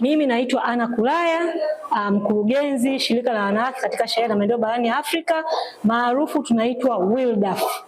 Mimi naitwa Ana Kulaya, uh, mkurugenzi um, shirika la wanawake katika sheria na maendeleo barani Afrika, maarufu tunaitwa WiLDAF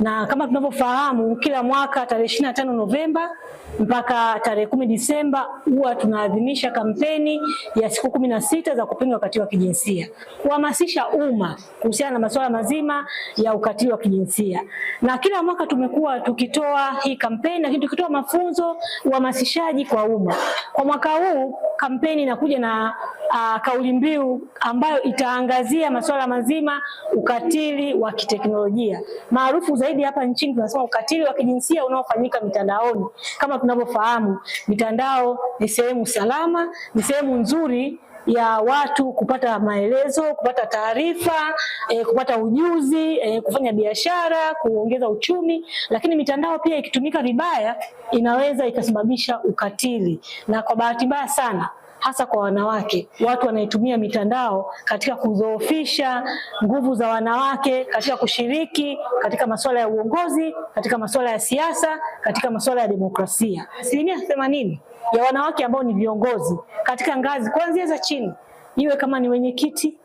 na kama tunavyofahamu kila mwaka tarehe ishirini na tano Novemba mpaka tarehe kumi Disemba huwa tunaadhimisha kampeni ya siku kumi na sita za kupinga ukatili wa kijinsia, kuhamasisha umma kuhusiana na masuala mazima ya ukatili wa kijinsia. Na kila mwaka tumekuwa tukitoa hii kampeni, lakini tukitoa mafunzo uhamasishaji kwa umma. Kwa mwaka huu kampeni inakuja na uh, kauli mbiu ambayo itaangazia masuala mazima ukatili wa kiteknolojia maarufu zaidi hapa nchini tunasema ukatili wa kijinsia unaofanyika mitandaoni. Kama tunavyofahamu, mitandao ni sehemu salama, ni sehemu nzuri ya watu kupata maelezo, kupata taarifa e, kupata ujuzi e, kufanya biashara, kuongeza uchumi. Lakini mitandao pia ikitumika vibaya inaweza ikasababisha ukatili, na kwa bahati mbaya sana hasa kwa wanawake. Watu wanaitumia mitandao katika kudhoofisha nguvu za wanawake katika kushiriki katika masuala ya uongozi, katika masuala ya siasa, katika masuala ya demokrasia. Asilimia themanini ya wanawake ambao ni viongozi katika ngazi kuanzia za chini, iwe kama ni wenyekiti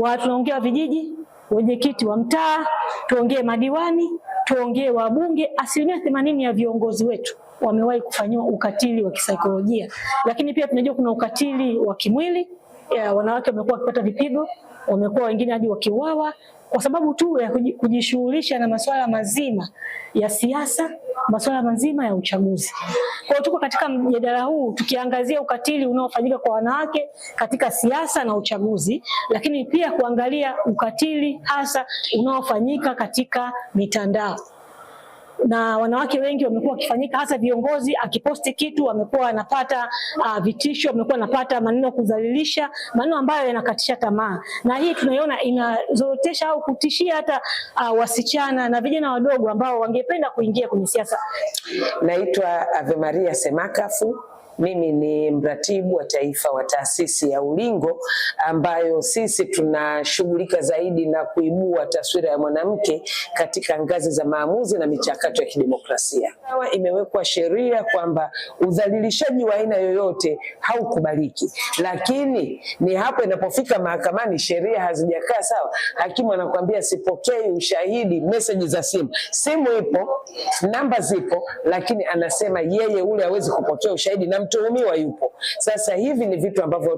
wa tunaongea vijiji, wenyekiti wa mtaa, tuongee madiwani, tuongee wabunge, asilimia themanini ya viongozi wetu wamewahi kufanyiwa ukatili wa kisaikolojia, lakini pia tunajua kuna ukatili wa kimwili ya, wanawake wamekuwa wakipata vipigo, wamekuwa wengine hadi wakiuawa kwa sababu tu ya kujishughulisha na masuala mazima ya siasa, masuala mazima ya uchaguzi. Kwa hiyo tuko katika mjadala huu tukiangazia ukatili unaofanyika kwa wanawake katika siasa na uchaguzi, lakini pia kuangalia ukatili hasa unaofanyika katika mitandao na wanawake wengi wamekuwa wakifanyika, hasa viongozi, akiposti kitu amekuwa anapata uh, ah, vitisho, amekuwa anapata maneno ya kudhalilisha, maneno ambayo yanakatisha tamaa, na hii tunaiona inazorotesha au kutishia hata uh, wasichana na vijana wadogo ambao wangependa kuingia kwenye siasa. Naitwa Ave Maria Semakafu mimi ni mratibu wa taifa wa taasisi ya Ulingo ambayo sisi tunashughulika zaidi na kuibua taswira ya mwanamke katika ngazi za maamuzi na michakato ya kidemokrasia. Imewekwa sheria kwamba udhalilishaji wa aina yoyote haukubaliki, lakini ni hapo inapofika mahakamani, sheria hazijakaa sawa. Hakimu anakuambia sipokei ushahidi, meseji za simu, simu ipo, namba zipo, lakini anasema yeye ule hawezi kupokea ushahidi na mtuhumiwa yupo. Sasa hivi ni vitu ambavyo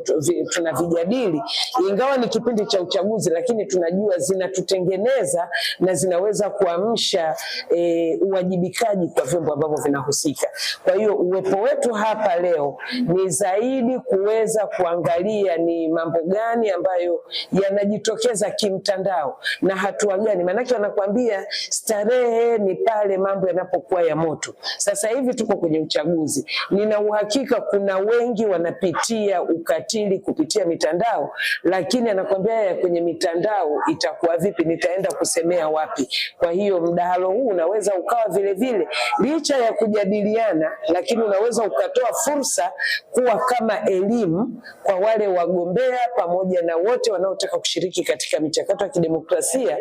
tunavijadili, ingawa ni kipindi cha uchaguzi, lakini tunajua zinatutengeneza na zinaweza kuamsha e, uwajibikaji kwa vyombo ambavyo vinahusika. Kwa hiyo uwepo wetu hapa leo ni zaidi kuweza kuangalia ni mambo gani ambayo yanajitokeza kimtandao na hatua gani, maanake wanakuambia starehe ni pale mambo yanapokuwa ya moto. Sasa hivi tuko kwenye uchaguzi, nina uhakika hakika kuna wengi wanapitia ukatili kupitia mitandao, lakini anakwambia ya kwenye mitandao itakuwa vipi? Nitaenda kusemea wapi? Kwa hiyo mdahalo huu unaweza ukawa vile vile licha ya kujadiliana, lakini unaweza ukatoa fursa kuwa kama elimu kwa wale wagombea pamoja na wote wanaotaka kushiriki katika michakato ya kidemokrasia,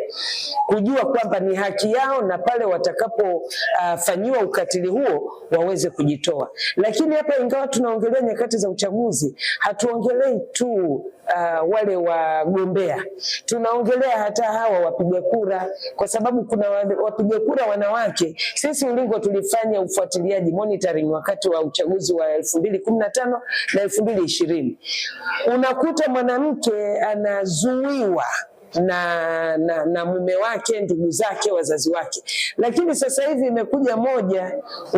kujua kwamba ni haki yao na pale watakapofanyiwa uh, ukatili huo waweze kujitoa. Lakini hapa ingawa tunaongelea nyakati za uchaguzi, hatuongelei tu uh, wale wagombea, tunaongelea hata hawa wapiga kura, kwa sababu kuna wapiga kura wanawake. Sisi Ulingo tulifanya ufuatiliaji monitoring wakati wa uchaguzi wa elfu mbili kumi na tano na elfu mbili ishirini unakuta mwanamke anazuiwa na, na, na mume wake, ndugu zake, wazazi wake. Lakini sasa hivi imekuja moja,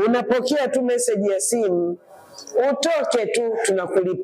unapokea tu meseji ya simu utoke tu tunakulipa.